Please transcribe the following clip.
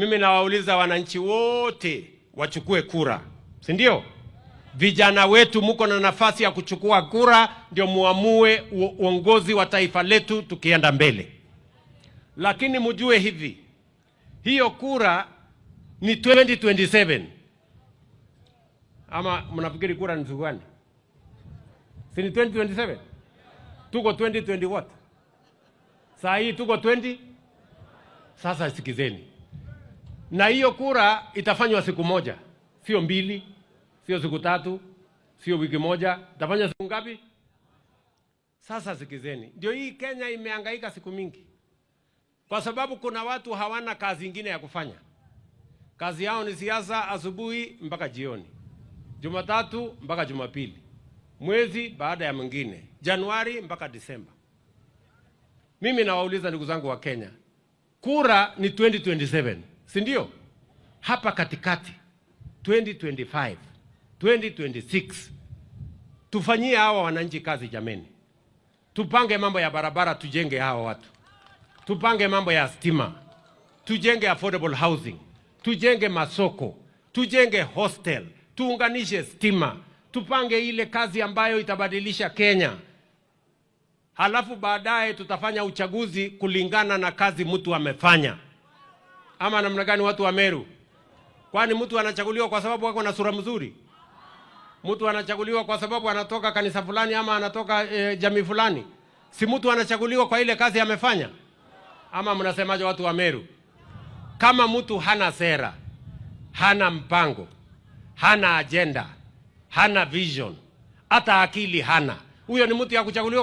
Mimi nawauliza wananchi wote wachukue kura, si ndio? Vijana wetu mko na nafasi ya kuchukua kura, ndio muamue uongozi wa taifa letu tukienda mbele. Lakini mjue hivi, hiyo kura ni 2027 ama mnafikiri kura ni siku gani? Si ni 2027? Tuko 2020 what? Saa hii tuko 20. Sasa sikizeni na hiyo kura itafanywa siku moja, sio mbili, sio siku tatu, sio wiki moja, itafanywa siku ngapi? Sasa sikizeni, ndio hii Kenya imehangaika siku mingi, kwa sababu kuna watu hawana kazi ingine ya kufanya. Kazi yao ni siasa, asubuhi mpaka jioni, Jumatatu mpaka Jumapili, mwezi baada ya mwingine, Januari mpaka Disemba. Mimi nawauliza ndugu zangu wa Kenya, kura ni 2027 si ndio? Hapa katikati 2025 2026 tufanyie hawa wananchi kazi jameni, tupange mambo ya barabara, tujenge hawa watu, tupange mambo ya stima, tujenge affordable housing, tujenge masoko, tujenge hostel, tuunganishe stima, tupange ile kazi ambayo itabadilisha Kenya. Halafu baadaye tutafanya uchaguzi kulingana na kazi mtu amefanya ama namna gani watu wa Meru? Kwani mtu anachaguliwa kwa sababu ako na sura mzuri? Mtu anachaguliwa kwa sababu anatoka kanisa fulani ama anatoka e, jamii fulani? Si mtu anachaguliwa kwa ile kazi amefanya? Ama mnasemaje watu wa Meru? Kama mtu hana sera, hana mpango, hana ajenda, hana vision, hata akili hana, huyo ni mtu ya kuchaguliwa